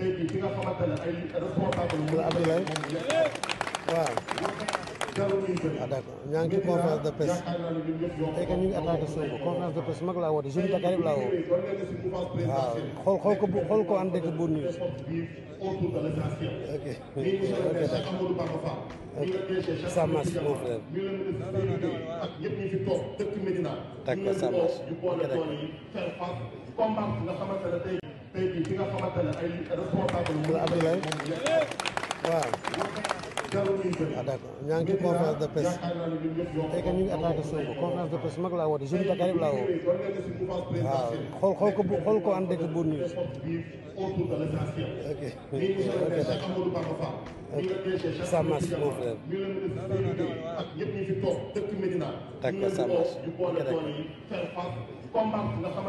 tey jii fi nga xamante ne ay responsable mu Abdoulaye waaw ah d'accord ñaa ngi ci conférence de presse tey kat ñu ngi attaqué Sonko conférence de presse mag laa woote jeune Dakar yëpp laa woo waaw xool xool ko bu xool ko ànd ak bu news ok ok ça marche mon frère d'accord ça marche ok d'accord ki nga xamante ne ay responsable mu Abdoulaye waaw ah d'accord ñaa ngi ci conférence de presse tey que ñu ngi attaqué Sonko conférence de presse mag laa woote jeune Dakar yëpp laa woo waaw xool xool ko xool ko en direct bu news ok ok d'accord ça marche mon frère d'accord ça marche ok d'accord